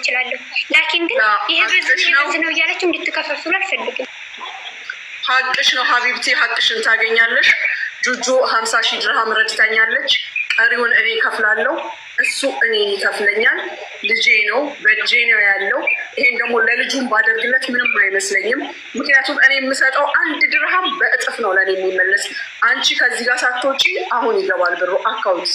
እችላለሁ። ላኪን ግን ይሄ በዚህ ነው እያለች እንድትከፋፍሉ አልፈልግም። ሀቅሽ ነው ሀቢብቴ፣ ሀቅሽን ታገኛለሽ። ጁጁ ሀምሳ ሺህ ድርሃም ረድታኛለች። ቀሪውን እኔ ከፍላለሁ። እሱ እኔ ይከፍለኛል። ልጄ ነው፣ በእጄ ነው ያለው። ይሄን ደግሞ ለልጁን ባደርግለት ምንም አይመስለኝም። ምክንያቱም እኔ የምሰጠው አንድ ድርሃም በእጥፍ ነው ለእኔ የሚመለስ። አንቺ ከዚህ ጋር ሳትወጪ አሁን ይገባል ብሩ አካውንት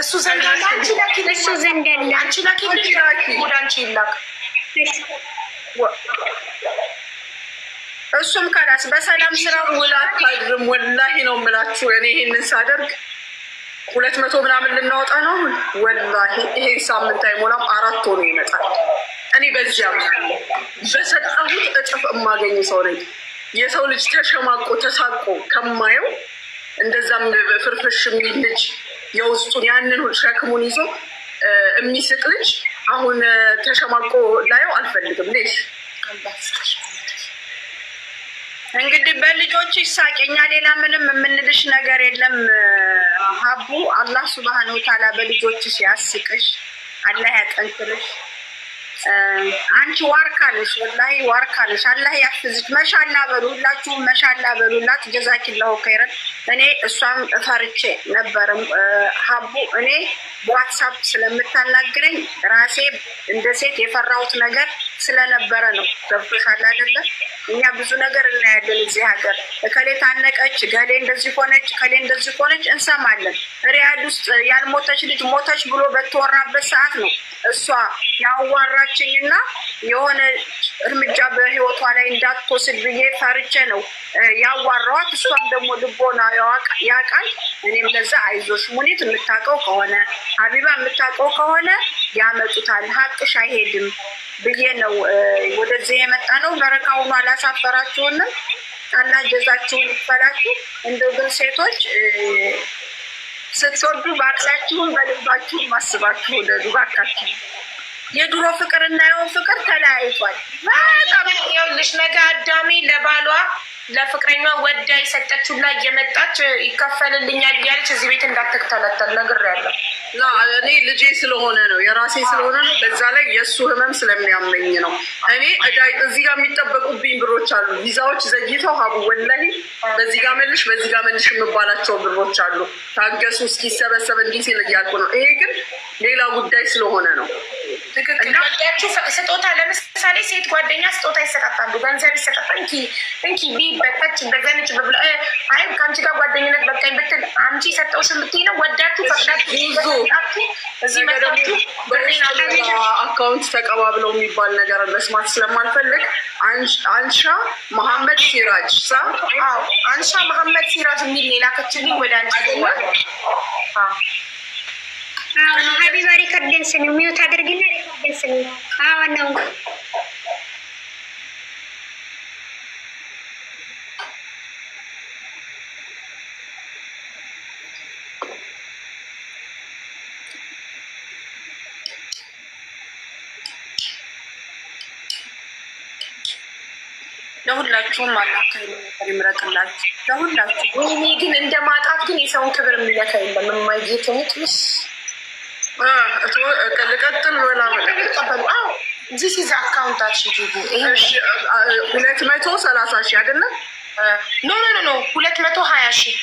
እሱ ዘንድ አለ። እሱ ዘንድ አለ። አንቺ ላኪልኝ፣ ወደ አንቺ ይላክ። እሱም ከላስ በሰላም ስራ ውላ አታድርም። ወላሂ ነው የምላችሁ። እኔ ይሄንን ሳደርግ ሁለት መቶ ምናምን ልናወጣ ነው። ወላሂ ይሄን ሳምንት አይሞላም አራት ሆኖ ይመጣል። እኔ በዚያ ምናለ በሰጠሁት እጥፍ የማገኝ ሰው ነኝ። የሰው ልጅ ተሸማቆ ተሳቆ ከማየው እንደዛም ፍርፍሽ የሚል ልጅ የውስጡን ያንን ሸክሙን ይዞ የሚስቅ ልጅ አሁን ተሸማቆ ላየው አልፈልግም። ልሽ እንግዲህ በልጆች ይሳቀኛ ሌላ ምንም የምንልሽ ነገር የለም። ሀቡ አላህ ሱብሃነሁ ወተዓላ በልጆች ሲያስቅሽ አላህ ያጠንክርሽ። አንቺ ዋርካ ነሽ፣ ወላሂ ዋርካ ነሽ። አላህ ያፍዝሽ። መሻላ በሉ ሁላችሁም መሻላ በሉላት። ጀዛኪላሁ ኸይረን። እኔ እሷም ፈርቼ ነበር ሀቡ እኔ በዋትሳፕ ስለምታናግረኝ ራሴ እንደ ሴት የፈራሁት ነገር ስለነበረ ነው። ገብቶሻል አይደለ? እኛ ብዙ ነገር እናያለን እዚህ ሀገር። እከሌ ታነቀች፣ ገሌ እንደዚህ ሆነች፣ ከሌ እንደዚህ ሆነች እንሰማለን። ሪያድ ውስጥ ያልሞተች ልጅ ሞተች ብሎ በተወራበት ሰዓት ነው እሷ ያዋራ ፈራችኝና የሆነ እርምጃ በህይወቷ ላይ እንዳትወስድ ብዬ ፈርቼ ነው ያዋራዋት። እሷም ደግሞ ልቦና ያውቃል። እኔም ለዛ አይዞሽ ሙኒት የምታውቀው ከሆነ ሀቢባ የምታውቀው ከሆነ ያመጡታል፣ ሀቅሽ አይሄድም ብዬ ነው ወደዚህ የመጣ ነው። በረካውኑ አላሳፈራችሁንም። አላህ ጀዛችሁን ይክፈላችሁ። እንደው ግን ሴቶች ስትወዱ በአቅሳችሁም በልባችሁ ማስባችሁ ወደዱ። ባካችሁ የድሮ ፍቅር እና ፍቅር ተለያይቷል። በጣም ይኸውልሽ ነገ አዳሜ ለባሏ ለፍቅረኛ ወዳ የሰጠችው ላይ የመጣች ይከፈልልኛል እያለች እዚህ ቤት ነግር ነግሬያለሁ። እኔ ልጄ ስለሆነ ነው የራሴ ስለሆነ ነው። በዛ ላይ የእሱ ህመም ስለሚያመኝ ነው። እኔ እዚህ ጋር የሚጠበቁብኝ ብሮች አሉ፣ ቪዛዎች ዘግይተው ሀቡ ወላሂ፣ በዚህ ጋር መልሽ፣ በዚህ ጋር መልሽ የምባላቸው ብሮች አሉ። ታገሱ እስኪሰበሰብ እንዲህ ሲል እያልኩ ነው። ይሄ ግን ሌላ ጉዳይ ስለሆነ ነው። ያችሁ ስጦታ ለምሳሌ ሴት ጓደኛ ስጦታ ይሰጣታሉ ገንዘብ ይሰጣጣል። እንኪ እንኪ ቢበታች በገነች ብብላ አይ ከአንቺ ጋር ጓደኝነት በቃኝ ብትል አንቺ የሰጠውሽ የምትይ ነው። ወዳችሁ ፈቅዳችሁ እዚህ መጣችሁ አካውንት ተቀባብለው የሚባል ነገር መስማት ስለማልፈልግ አንሻ መሐመድ ሲራጅ ሳ አንሻ መሐመድ ሲራጅ የሚል ሌላ ከችልኝ ወደ አንቺ ሀቢባ ሪከርደንስ ነው ሚዩት አድርግና ሪከርደንስ ነው ለሁላችሁም አላህ ይምረጥላችሁ። ለሁላችሁ ወይኔ ግን እንደ ማጣት ግን የሰውን ክብር የሚለካ የለም። የማይጌትንት ልቀጥል ምናምን የሚቀበሉ ዚስ ኢዝ አካውንታችን ሁለት መቶ ሰላሳ ሺህ አይደለም። ኖ ኖ ኖ ሁለት መቶ ሀያ ሺህ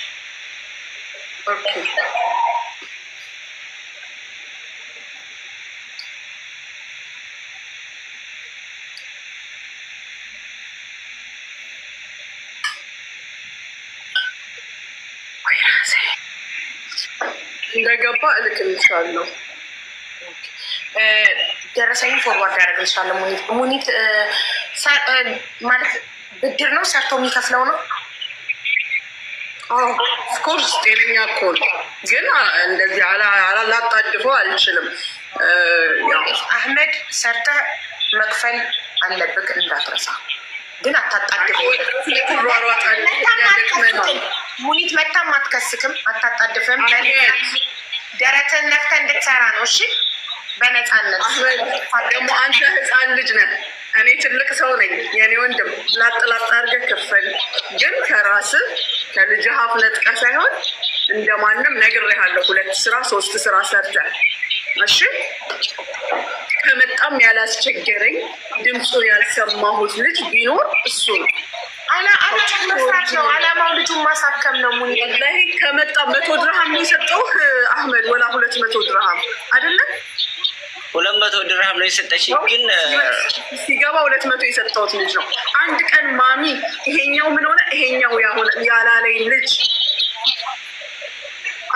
እንደገባ እልክልሻለሁ። ደረሰኝ ፎርዋርድ ያደረግልሻለሁ። ሙኒት ሙኒት ማለት ብድር ነው ሰርቶ የሚከፍለው ነው። ኦፍኮርስ ጤነኛ እኮ ነው፣ ግን እንደዚህ ላጣድፎ አልችልም። አህመድ ሰርተ መክፈል አለብክ እንዳትረሳ፣ ግን አታጣድፎ። ሙኒት መታም አትከስክም፣ አታጣድፍም። ደረትን ነፍተ እንድትሰራ ነው እሺ በነፃነት ደግሞ አንተ ህፃን ልጅ ነህ፣ እኔ ትልቅ ሰው ነኝ። የኔ ወንድም ላጥ ላጥ አድርገህ ክፍል ግን ከራስ ከልጅ ሀፍ ነጥቀህ ሳይሆን እንደማንም ነግሬሃለሁ። ሁለት ስራ ሶስት ስራ ሰርተህ እሺ ከመጣም ያላስቸገረኝ ድምፁን ያልሰማሁት ልጅ ቢኖር እሱ ነው። አላማው ልጁን ማሳከም ነው። ከመጣ መቶ ድርሃም ነው የሰጠው አህመድ፣ ወላ ሁለት መቶ ድርሃም አይደለም ሁለት መቶ ድርሃም ነው የሰጠች። ግን ሲገባ ሁለት መቶ የሰጠሁት ልጅ ነው። አንድ ቀን ማሚ ይሄኛው ምን ሆነ ይሄኛው ያላለኝ ልጅ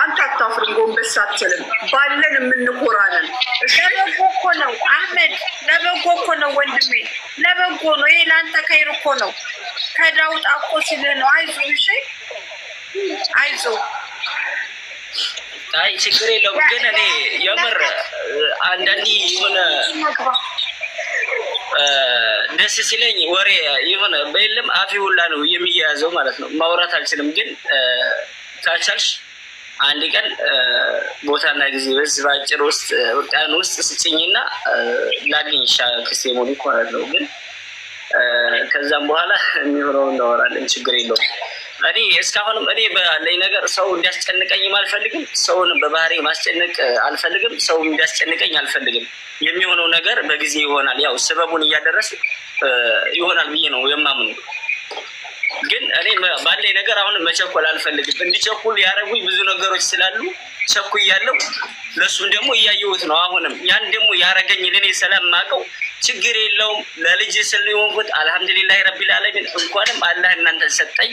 አንተ አታፍርም፣ ጎንበስ አትልም። ባለን የምንኮራለን። ለበጎ እኮ ነው አህመድ፣ ለበጎ እኮ ነው ወንድሜ፣ ለበጎ ነው። ይሄ ለአንተ ከይር እኮ ነው። ከዳውጣ እኮ ሲልህ ነው። አይዞህ፣ እሺ፣ አይዞ እሺ አይዞ አይ ችግር የለውም ግን እኔ የምር አንዳንዴ የሆነ ደስ ሲለኝ ወሬ የሆነ በየለም አፌ ሁላ ነው የሚያያዘው ማለት ነው። ማውራት አልችልም። ግን ካቻልሽ አንድ ቀን ቦታና ጊዜ በዚህ በአጭር ውስጥ ቀን ውስጥ ስጭኝና ላግኝሻ ክስቴሞኒ ማለት ነው። ግን ከዛም በኋላ የሚሆነው እናወራለን። ችግር የለውም። እኔ እስካሁንም እኔ ባለኝ ነገር ሰው እንዲያስጨንቀኝም አልፈልግም። ሰውን በባህሪ ማስጨነቅ አልፈልግም። ሰው እንዲያስጨንቀኝ አልፈልግም። የሚሆነው ነገር በጊዜ ይሆናል። ያው ስበቡን እያደረስ ይሆናል ብዬ ነው የማምኑ። ግን እኔ ባለኝ ነገር አሁን መቸኮል አልፈልግም። እንዲቸኩል ያደረጉኝ ብዙ ነገሮች ስላሉ ቸኩ እያለው ለእሱም ደግሞ እያየሁት ነው። አሁንም ያን ደግሞ ያረገኝ ለእኔ ሰላም ማቀው ችግር የለውም ለልጅ ስል የሆንኩት አልሐምዱሊላህ ረቢል ዓለሚን እንኳንም አላህ እናንተን ሰጠኝ።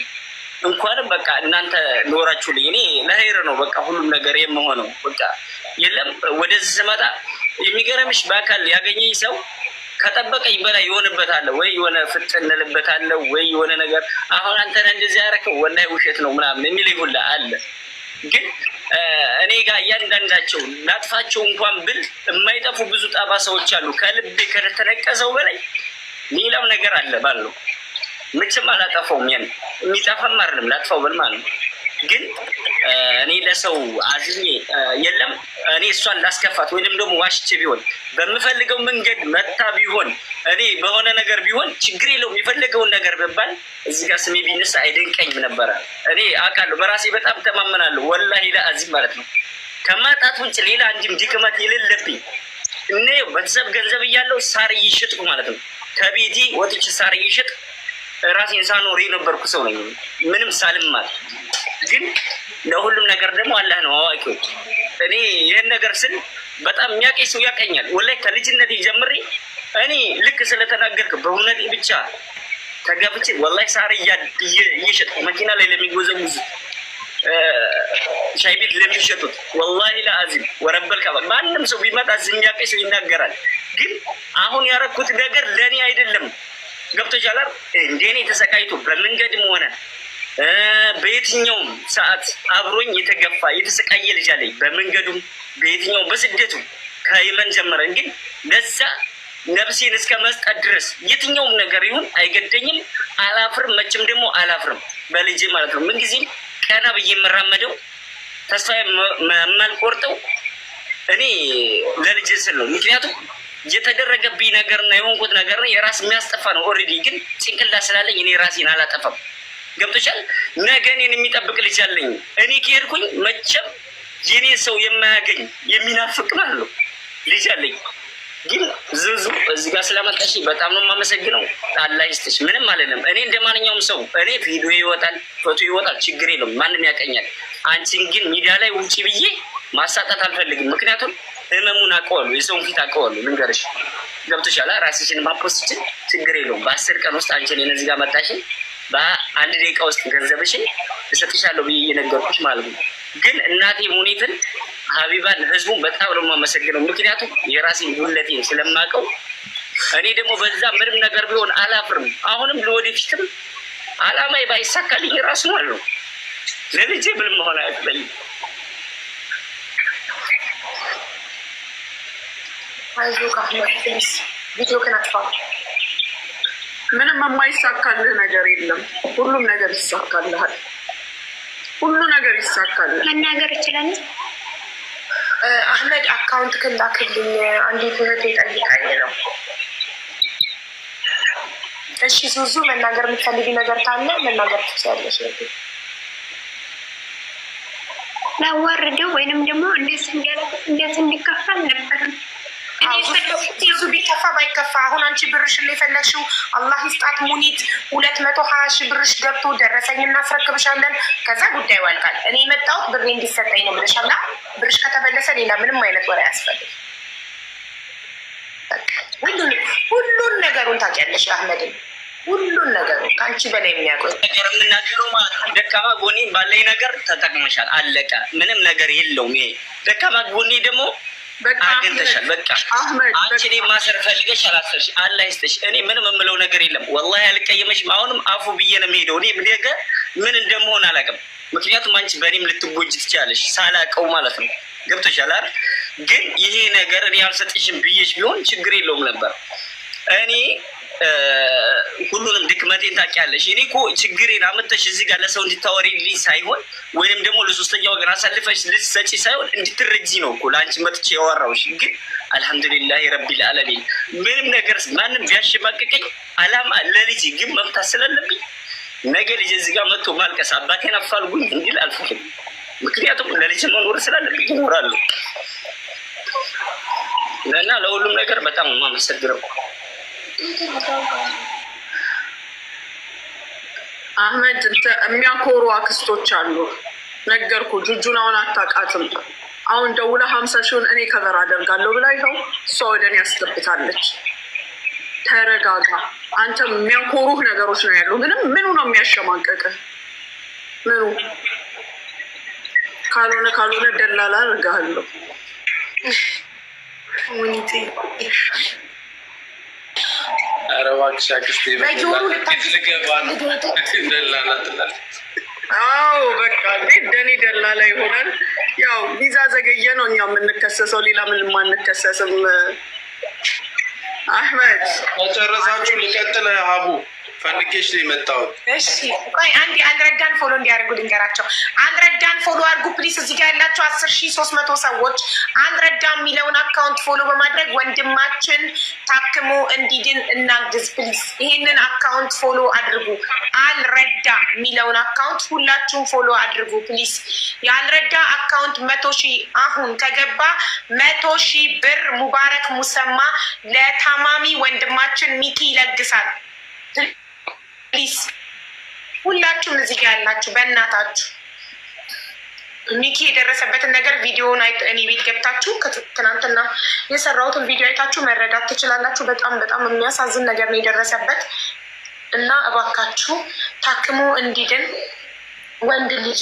እንኳንም በቃ እናንተ ኖራችሁልኝ። እኔ ለሄር ነው በቃ ሁሉም ነገር የምሆነው በቃ የለም። ወደዚህ ስመጣ የሚገረምሽ በአካል ያገኘኝ ሰው ከጠበቀኝ በላይ ይሆንበታለሁ ወይ የሆነ ፍጥ እንልበታለሁ ወይ የሆነ ነገር አሁን አንተ ነህ እንደዚህ ያደረከው ወላሂ ውሸት ነው ምናምን የሚል ይሁላ አለ። ግን እኔ ጋር እያንዳንዳቸው ላጥፋቸው እንኳን ብል የማይጠፉ ብዙ ጣባ ሰዎች አሉ። ከልቤ ከተነቀሰው በላይ ሌላም ነገር አለ ባለው ምችም አላጠፈውም። ያን የሚጠፋም አይደለም ላጥፈው ብል ማለት ነው። ግን እኔ ለሰው አዝኜ የለም እኔ እሷን ላስከፋት ወይንም ደግሞ ዋሽቼ ቢሆን በምፈልገው መንገድ መታ ቢሆን እኔ በሆነ ነገር ቢሆን ችግር የለውም። የፈለገውን ነገር ብባል እዚህ ጋር ስሜ ቢነሳ አይደንቀኝም ነበረ። እኔ አውቃለሁ፣ በራሴ በጣም ተማመናለሁ። ወላሂ ለአዚም ማለት ነው ከማጣት ውጭ ሌላ አንድም ድክመት የሌለብኝ እኔ ቤተሰብ ገንዘብ እያለው ሳር እየሸጥኩ ማለት ነው ከቤቴ ወጥቼ ሳር እየሸጥኩ ራሴን ሳኖር የነበርኩ ሰው ነኝ፣ ምንም ሳልማር። ግን ለሁሉም ነገር ደግሞ አላህ ነው አዋቂዎች። እኔ ይህን ነገር ስል በጣም የሚያውቀኝ ሰው ያቀኛል። ወላይ ከልጅነት ጀምሬ እኔ ልክ ስለተናገርክ በእውነት ብቻ ተጋፍቼ ወላይ ሳር እየሸጥኩ መኪና ላይ ለሚጎዘጉዙ ሻይ ቤት ለሚሸጡት ወላሂ ለአዚም ወረበል ከባ ማንም ሰው ቢመጣ የሚያውቀኝ ሰው ይናገራል። ግን አሁን ያረኩት ነገር ለእኔ አይደለም። ገብቶሻላል። እንደኔ ተሰቃይቶ በመንገድም ሆነ በየትኛውም ሰዓት አብሮኝ የተገፋ የተሰቃየ ልጅ አለኝ። በመንገዱም በየትኛውም በስደቱ ከየመን ጀመረ ግን ለዛ ነፍሴን እስከ መስጠት ድረስ የትኛውም ነገር ይሁን አይገደኝም። አላፍርም፣ መቼም ደግሞ አላፍርም። በልጄ ማለት ነው ምንጊዜም ቀና ብዬ የምራመደው ተስፋ የማልቆርጠው እኔ ለልጄ ስል ነው ምክንያቱም የተደረገብኝ ነገር የሆንኩት ነገር ነው የራስ የሚያስጠፋ ነው። ኦልሬዲ ግን ጭንቅላ ስላለኝ እኔ ራሴን አላጠፋም። ገብቶሻል? ነገ እኔን የሚጠብቅ ልጅ አለኝ። እኔ ከሄድኩኝ መቼም የኔን ሰው የማያገኝ የሚናፍቅ አለው ልጅ አለኝ። ግን ዝዙ እዚህ ጋር ስለመጣሽ በጣም ነው የማመሰግነው። አላህ ይስጥሽ። ምንም አልልም። እኔ እንደ ማንኛውም ሰው እኔ ቪዲዮ ይወጣል፣ ፎቶ ይወጣል፣ ችግር የለም። ማንም ያቀኛል። አንቺን ግን ሚዲያ ላይ ውጪ ብዬ ማሳጣት አልፈልግም። ምክንያቱም ህመሙን አውቀዋለሁ። የሰውን ፊት አውቀዋለሁ። ልንገርሽ ገብቶሻል። ራስሽን ማፖስት ችግር የለውም። በአስር ቀን ውስጥ አንቺን እነዚህ ጋር መጣሽን በአንድ ደቂቃ ውስጥ ገንዘብሽን እሰጥሻለሁ ብዬ እየነገርኩሽ ማለት ነው። ግን እናቴ ሙኒትን ሀቢባን ህዝቡን በጣም ነው የማመሰግነው። ምክንያቱም የራሴን ሁለቴን ስለማውቀው እኔ ደግሞ በዛ ምንም ነገር ቢሆን አላፍርም። አሁንም ለወደፊትም አላማዬ ባይሳካልኝ ራሱ አለው ለልጄ ምንም መሆን አይዞህ አህመድ ፕሊስ ቪዲዮ ክነፋ። ምንም የማይሳካልህ ነገር የለም። ሁሉም ነገር ይሳካልሃል። ሁሉ ነገር ይሳካልህ። መናገር ይችላል። አህመድ አካውንት ክላክልኝ አንዲት እህቴ ጠይቃኝ ነው። እሺ ዙዙ፣ መናገር የምትፈልጊ ነገር ካለ መናገር ትችላለሽ። ላዋርደው ወይንም ደግሞ እንዴት እንዴት ብዙ ቢከፋ ባይከፋ አሁን አንቺ ብርሽን የፈለግሽው አላህ ይስጣት። ሙኒት ሁለት መቶ ሀያ ሺ ብርሽ ገብቶ ደረሰኝ እናስረክብሻለን። ከዛ ጉዳዩ ያልቃል። እኔ የመጣሁት ብሬ እንዲሰጠኝ ነው ብርሽ ከተመለሰ ሌላ ምንም አይነት ወሬ አያስፈልግም። ሁሉን ነገሩን ታውቂያለሽ አህመድን ሁሉን ነገር ከአንቺ በላይ የሚያውቀው ነገር የምናገረው ማለት ደካማ ባለኝ ነገር ተጠቅመሻል፣ አለቀ። ምንም ነገር የለውም። ይሄ ደካማ ደግሞ አግኝተሻል። በቃ አንቺ እኔ ማሰር ፈልገሽ አላሰርሽ፣ አላህ ይስጥሽ። እኔ ምንም የምለው ነገር የለም። ወላሂ አልቀየመሽም። አሁንም አፉ ብዬ ነው የምሄደው። እኔ ነገ ምን እንደመሆን አላውቅም። ምክንያቱም አንቺ በእኔም ልትጎጂ ትችያለሽ፣ ሳላውቀው ማለት ነው። ገብቶሻል አይደል? ግን ይሄ ነገር እኔ አልሰጥሽም ብዬሽ ቢሆን ችግር የለውም ነበር እኔ ሁሉንም ድክመቴን ታውቂያለሽ። እኔ እኮ ችግሬን አመተሽ እዚህ ጋር ለሰው እንድታወሪልኝ ሳይሆን ወይንም ደግሞ ለሶስተኛ ወገን አሳልፈሽ ልትሰጪ ሳይሆን እንድትረጂ ነው እኮ ለአንቺ መጥቼ ያወራሁሽ። ግን አልሐምዱሊላህ ረቢል አለሚን ምንም ነገር ማንም ቢያሸማቅቀኝ አላማ ለልጅ ግን መምታት ስላለብኝ ነገ ልጅ እዚህ ጋር መጥቶ ማልቀስ አባቴን አፋልጉኝ እንዲል አልፈልግም። ምክንያቱም ለልጅ መኖር ስላለብኝ ይኖራሉ እና ለሁሉም ነገር በጣም ማመሰግነው አህመድ የሚያኮሩ አክስቶች አሉ። ነገርኩ ጁጁን አሁን አታውቃትም። አሁን ደውላ ሀምሳ ሺውን እኔ ከበር አደርጋለሁ ብላ ይኸው እሷ ወደ እኔ ያስገብታለች። ተረጋጋ። አንተ የሚያኮሩህ ነገሮች ነው ያሉ። ምንም ምኑ ነው የሚያሸማቀቅህ? ምኑ ካልሆነ ካልሆነ ደላላ አደርግሃለሁ። ኧረ እባክሽ ላይ ልገባ ነው። ደላላ ትላለች። ያው ቪዛ ዘገየ ነው እኛ የምንከሰሰው፣ ሌላ ምንም አንከሰስም። አህመድ ከጨረሳችሁ ልቀጥል ሀቡ ፈልጌሽ ነው የመጣሁት። እሺ ቆይ አንድ አንረዳን ፎሎ እንዲያደርጉ ልንገራቸው። አንረዳን ፎሎ አድርጉ ፕሊስ። እዚህ ጋር ያላቸው አስር ሺህ ሶስት መቶ ሰዎች አንረዳ የሚለውን አካውንት ፎሎ በማድረግ ወንድማችን ታክሞ እንዲድን እናግዝ ፕሊስ። ይህንን አካውንት ፎሎ አድርጉ። አልረዳ የሚለውን አካውንት ሁላችሁም ፎሎ አድርጉ ፕሊስ። የአልረዳ አካውንት መቶ ሺህ አሁን ከገባ መቶ ሺህ ብር ሙባረክ ሙሰማ ለታማሚ ወንድማችን ሚኪ ይለግሳል። ፕሊስ ሁላችሁም እዚህ ጋር ያላችሁ በእናታችሁ ሚኪ የደረሰበትን ነገር ቪዲዮን እኔ ቤት ገብታችሁ ትናንትና የሰራሁትን ቪዲዮ አይታችሁ መረዳት ትችላላችሁ። በጣም በጣም የሚያሳዝን ነገር ነው የደረሰበት እና እባካችሁ ታክሞ እንዲድን ወንድ ልጅ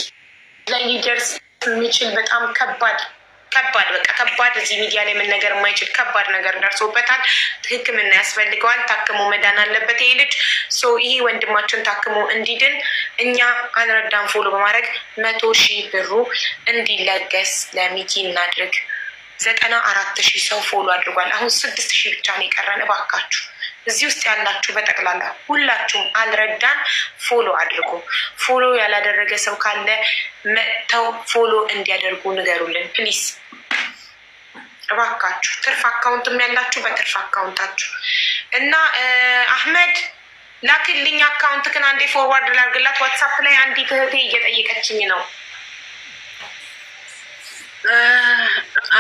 ላይ ሊደርስ የሚችል በጣም ከባድ ከባድ በቃ ከባድ እዚህ ሚዲያ ላይ መነገር የማይችል ከባድ ነገር ደርሶበታል። ሕክምና ያስፈልገዋል። ታክሞ መዳን አለበት ይሄ ልጅ። ይሄ ወንድማችን ታክሞ እንዲድን እኛ አንረዳን ፎሎ በማድረግ መቶ ሺህ ብሩ እንዲለገስ ለሚኪ እናድርግ። ዘጠና አራት ሺህ ሰው ፎሎ አድርጓል። አሁን ስድስት ሺህ ብቻ ነው የቀረን። እባካችሁ እዚህ ውስጥ ያላችሁ በጠቅላላ ሁላችሁም አልረዳን ፎሎ አድርጉ። ፎሎ ያላደረገ ሰው ካለ መጥተው ፎሎ እንዲያደርጉ ንገሩልን ፕሊስ። እባካችሁ ትርፍ አካውንትም ያላችሁ በትርፍ አካውንታችሁ እና አህመድ ላክልኝ አካውንት ግን አንዴ ፎርዋርድ ላርግላት ዋትሳፕ ላይ አንዲት እህቴ እየጠየቀችኝ ነው።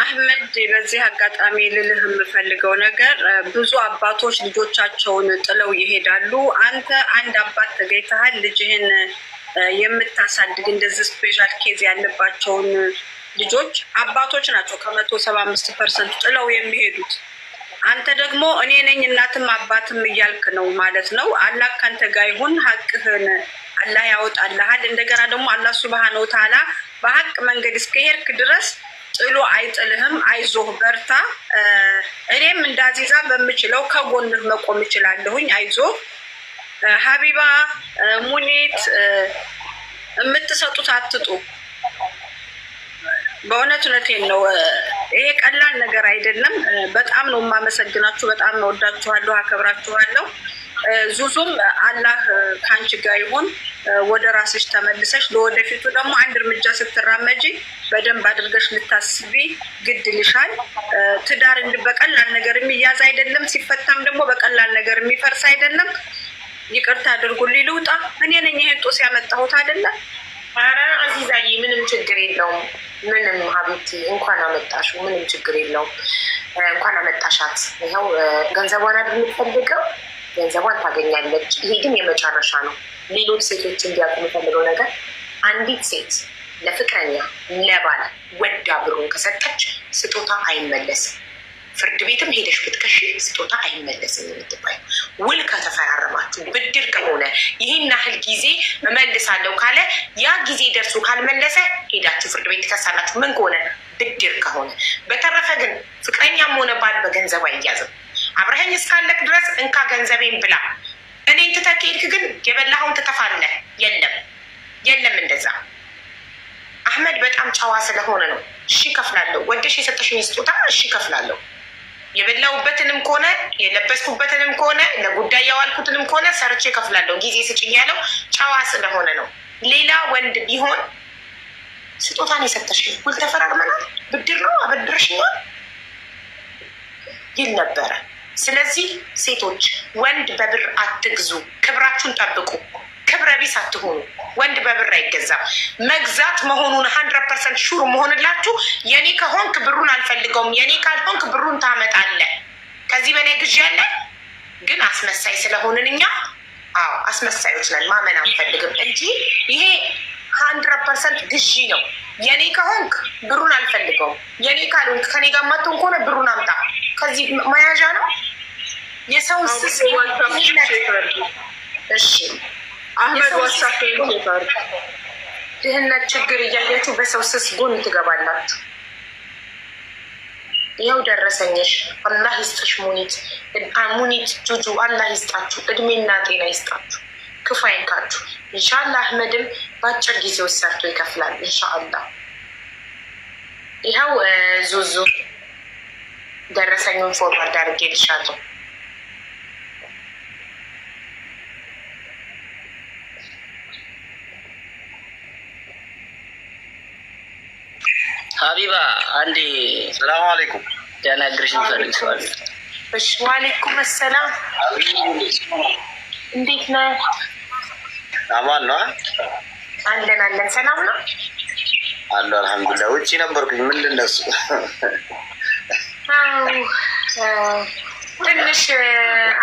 አህመድ በዚህ አጋጣሚ ልልህ የምፈልገው ነገር ብዙ አባቶች ልጆቻቸውን ጥለው ይሄዳሉ። አንተ አንድ አባት ተገኝተሃል ልጅህን የምታሳድግ እንደዚህ ስፔሻል ኬዝ ያለባቸውን ልጆች አባቶች ናቸው ከመቶ ሰባ አምስት ፐርሰንት ጥለው የሚሄዱት። አንተ ደግሞ እኔ ነኝ እናትም አባትም እያልክ ነው ማለት ነው። አላህ ከአንተ ጋር ይሁን፣ ሀቅህን አላህ ያወጣልሃል። እንደገና ደግሞ አላህ ሱብሃነ ወተዓላ በሀቅ መንገድ እስከሄድክ ድረስ ጥሎ አይጥልህም። አይዞህ በርታ። እኔም እንዳዚዛ በምችለው ከጎንህ መቆም እችላለሁኝ። አይዞህ ሀቢባ ሙኒት፣ የምትሰጡት አትጡ። በእውነት እውነቴን ነው። ይሄ ቀላል ነገር አይደለም። በጣም ነው የማመሰግናችሁ። በጣም ነው ወዳችኋለሁ፣ አከብራችኋለሁ። ዙዙም አላህ ከአንቺ ጋር ይሁን። ወደ ራስሽ ተመልሰሽ ለወደፊቱ ደግሞ አንድ እርምጃ ስትራመጂ በደንብ አድርገሽ ልታስቢ ግድ ይልሻል። ትዳር እንዲህ በቀላል ነገር የሚያዝ አይደለም። ሲፈታም ደግሞ በቀላል ነገር የሚፈርስ አይደለም። ይቅርታ አድርጉልኝ ልውጣ። እኔ ነኝ ይሄን ጦስ ያመጣሁት አይደለም። ኧረ አዚዛዬ ምንም ችግር የለውም። ምንም ሀቢት እንኳን አመጣሹ ምንም ችግር የለውም። እንኳን አመጣሻት። ይኸው ገንዘቧን አይደል የምትፈልገው፣ ገንዘቧን ታገኛለች። ይሄ ግን የመጨረሻ ነው። ሌሎች ሴቶች እንዲያውቁ የምፈልገው ነገር አንዲት ሴት ለፍቅረኛ ለባል ወዳ ብሩን ከሰጠች ስጦታ አይመለስም። ፍርድ ቤትም ሄደሽ ብትከሽ ስጦታ አይመለስም የምትባይ ውል ከተፈራረማችሁ ብድር ከሆነ ይህን ያህል ጊዜ እመልሳለሁ ካለ ያ ጊዜ ደርሶ ካልመለሰ ሄዳችሁ ፍርድ ቤት ትከሳላችሁ። ምን ከሆነ ብድር ከሆነ። በተረፈ ግን ፍቅረኛም ሆነ ባል በገንዘብ አይያዝም። አብረኸኝ እስካለቅ ድረስ እንካ ገንዘቤን ብላ እኔን ትተህ ከሄድክ ግን የበላኸውን ትተፋለህ። የለም የለም፣ እንደዛ አህመድ በጣም ጨዋ ስለሆነ ነው። እሺ እከፍላለሁ፣ ወደሽ የሰጠሽኝ ስጦታ እሺ እከፍላለሁ። የበላሁበትንም ከሆነ የለበስኩበትንም ከሆነ ለጉዳይ ያዋልኩትንም ከሆነ ሰርቼ ከፍላለሁ። ጊዜ ስጭኝ ያለው ጨዋ ስለሆነ ነው። ሌላ ወንድ ቢሆን ስጦታን የሰጠሽ ውል ተፈራርመናል፣ ብድር ነው አበድርሽኛል ይል ነበረ። ስለዚህ ሴቶች ወንድ በብር አትግዙ፣ ክብራችሁን ጠብቁ። ክብረ ቢስ አትሆኑ። ወንድ በብር አይገዛም። መግዛት መሆኑን ሀንድረድ ፐርሰንት ሹር መሆንላችሁ። የኔ ከሆንክ ብሩን አልፈልገውም፣ የኔ ካልሆንክ ብሩን ታመጣለ። ከዚህ በላይ ግዢ ያለ ግን አስመሳይ ስለሆንን እኛ አዎ አስመሳዮች ነን። ማመን አንፈልግም እንጂ ይሄ ሀንድረድ ፐርሰንት ግዢ ነው። የኔ ከሆንክ ብሩን አልፈልገውም፣ የኔ ካልሆንክ ከኔ ጋር ማትሆን ከሆነ ብሩን አምጣ። ከዚህ መያዣ ነው የሰውን ስስ እሺ አህመድ ዋሳፍ ድህነት ችግር እያያችሁ በሰው ስስ ጎን ትገባላችሁ። ይኸው ደረሰኝሽ። አላህ ይስጥሽ ሙኒት ሙኒት ጁጁ፣ አላህ ይስጣችሁ፣ እድሜና ጤና ይስጣችሁ፣ ክፉ አይንካችሁ። እንሻላ አህመድም በአጭር ጊዜ ውስጥ ሰርቶ ይከፍላል። እንሻአላ ይኸው ዙዙ ደረሰኙን ፎርማል አድርጌልሻለሁ። ሀቢባ አንዴ ሰላም አለይኩም ያናግርሽ እንፈልግ ሰዋል። እሺ፣ ዋሌኩም ሰላም። እንዴት ነው? አማን ነው? አለን አለን። ሰላም ነው አሉ። አልሐምዱላ። ውጭ ነበርኩኝ። ምን ልነሱ ትንሽ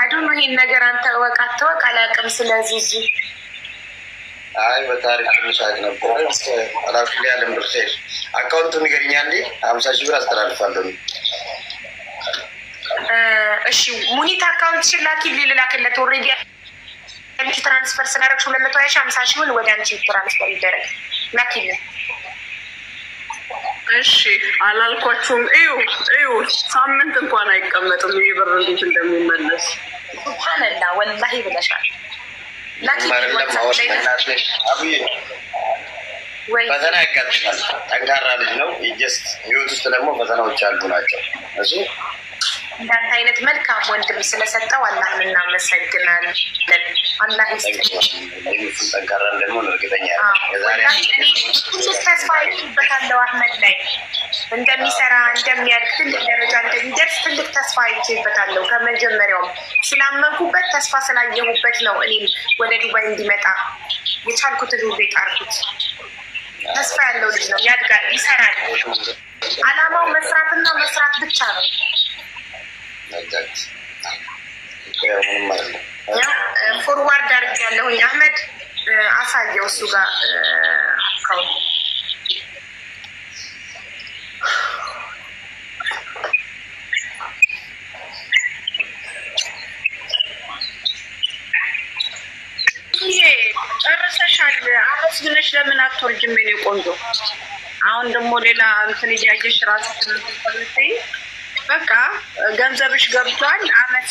አዱኑ ይሄን ነገር አንተ እወቅ አትወቅ አላውቅም። ስለዚህ እዚህ አይ በታሪክ ትንሽ አቅ ነበረ ራሱ ላይ ያለም ድርሰ አካውንቱ ንገርኛ እንዴ ሀምሳ ሺህ ብር አስተላልፋለሁ። እሺ ሙኒት አካውንት ሽላኪ ልልላክለት ኦልሬዲ አንቺ ትራንስፈር ስላደረግሽ ሁለት መቶ ሀያ ሺህ ሀምሳ ሺህ ወደ አንቺ ትራንስፈር ይደረግ ላኪልን። እሺ አላልኳችሁም? እዩ እዩ ሳምንት እንኳን አይቀመጥም ይህ ብር እንዴት እንደሚመለስ ሱብሃነላ ወላሂ ብለሻል። ፈተና ያጋጥማል። ጠንካራ ልጅ ነው። ጀስት ህይወት ውስጥ ደግሞ ፈተናዎች አሉ ናቸው እሱ እንዳንተ አይነት መልካም ወንድም ስለሰጠው አላህን እናመሰግናለን። አላህ ተስፋ አህመድ ላይ እንደሚሰራ እንደሚያድግ ትልቅ ደረጃ እንደሚደርስ ትልቅ ተስፋ አይቼበታለሁ። ከመጀመሪያውም ስላመንኩበት ተስፋ ስላየሁበት ነው እኔም ወደ ዱባይ እንዲመጣ የቻልኩትን ሁሉ የጣርኩት። ተስፋ ያለው ልጅ ነው፣ ያድጋል፣ ይሰራል። አላማው መስራትና መስራት ብቻ ነው። ፎርዋርድ አድርጌ ያለሁኝ አህመድ አሳየው እሱ ጋር አካው ጨርሰሻል። ለምን አትወልጂም? የኔ ቆንጆ አሁን ደግሞ ሌላ እንትን እያየሽ ራሱ ትምህርት በቃ ገንዘብሽ ገብቷል። አመት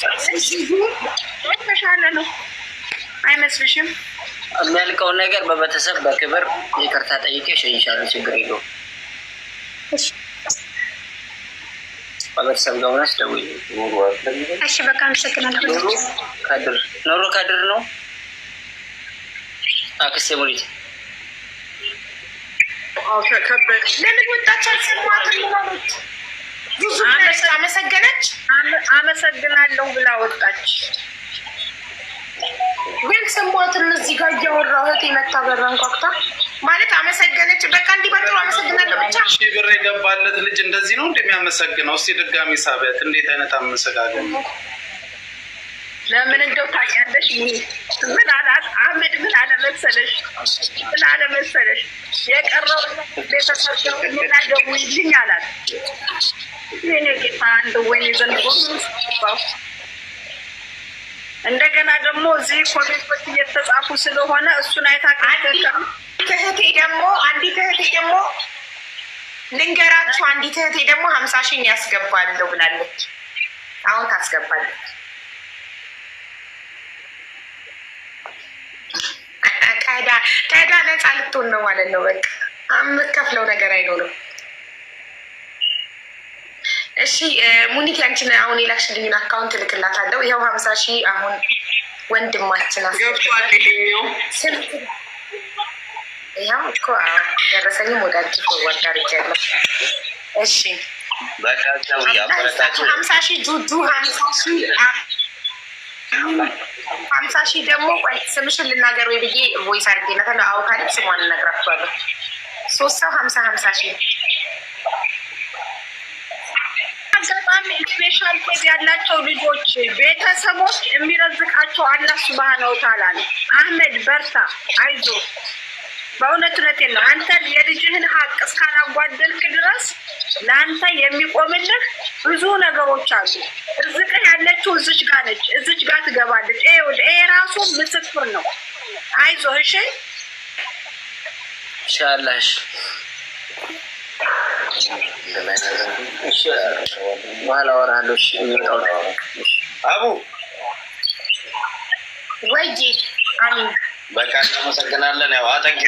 ተሻለ ነው አይመስልሽም? የሚያልቀውን ነገር በቤተሰብ በክብር ይቅርታ ጠይቄ እሸኝሻለሁ። ችግር የለውም። በቤተሰብ ጋር ሆነሽ ደውይ። እሺ፣ በቃ አመሰግናለሁ። ኑሮ ከድር ነው አክስቴ ሙሪት ለምን ወጣች? አልሰማትም ማለት አመሰገነች። አመሰግናለሁ ብላ ወጣች። ግን ስሟትን እዚህ ጋር እያወራሁ እህቴ መታ በራን ኳኩታ ማለት አመሰገነች። በቃ እንዲህ በጥሩ አመሰግናለሁ ብቻ። ሺ ብር የገባለት ልጅ እንደዚህ ነው እንደሚያመሰግነው። እስቲ ድጋሚ ሳቢያት። እንዴት አይነት አመሰጋገን ነው? ለምን እንደው ታውቂያለሽ፣ ምን አላት አህመድ? ምን አለመሰለሽ ምን አለመሰለሽ የቀረው ቤተሰብ ደውይልኝ አላት። የኔ ጌታ አንድ እንደገና ደግሞ እዚህ ኮሜንቶች እየተጻፉ ስለሆነ እሱን አይታ እህቴ ደግሞ አንዲት እህቴ ደግሞ ልንገራችሁ፣ አንዲት እህቴ ደግሞ ሀምሳ ያስገባለሁ ብላለች። አሁን ታስገባለች። ቀዳ ነፃ ልትሆን ነው ማለት ነው። በቃ የምትከፍለው ነገር አይኖርም። እሺ ሙኒት ያንቺን አሁን የላክሽልኝን አካውንት እልክላታለሁ። ይኸው ሀምሳ ሺህ አሁን ወንድማችን አስገብቷል። ይኸው እኮ ደረሰኝም ወደ አዲስ ወዳርጅ ያለው እሺ ሀምሳ ሺህ ጁጁ ሀምሳ ሺህ ሀምሳ ሺህ ደግሞ ስምሽን ልናገር ወይ ብዬ ቮይስ አድርጌ ነታለሁ። አዎ ስሟን እነግራቸዋለሁ። ሶስት ሰው ሀምሳ ሀምሳ ሺህ በጣም ስፔሻል ኬዝ ያላቸው ልጆች ቤተሰቦች የሚረዝቃቸው አላህ ሱብሃነ ወተዓላ ነው። አህመድ በርታ፣ አይዞ። በእውነት እውነቴን ነው። አንተ የልጅህን ሀቅ እስካላጓደልክ ድረስ ለአንተ የሚቆምልህ ብዙ ነገሮች አሉ። እርዝቅህ ያለችው እዝች ጋ ነች፣ እዝች ጋ ትገባለች። ይሄ ራሱ ምስክር ነው። አይዞ እሺ፣ ኢንሻላህ በኋላ አወራለሁ። አቡ ወይ በቃ እናመሰግናለን። ያው አጠንኪ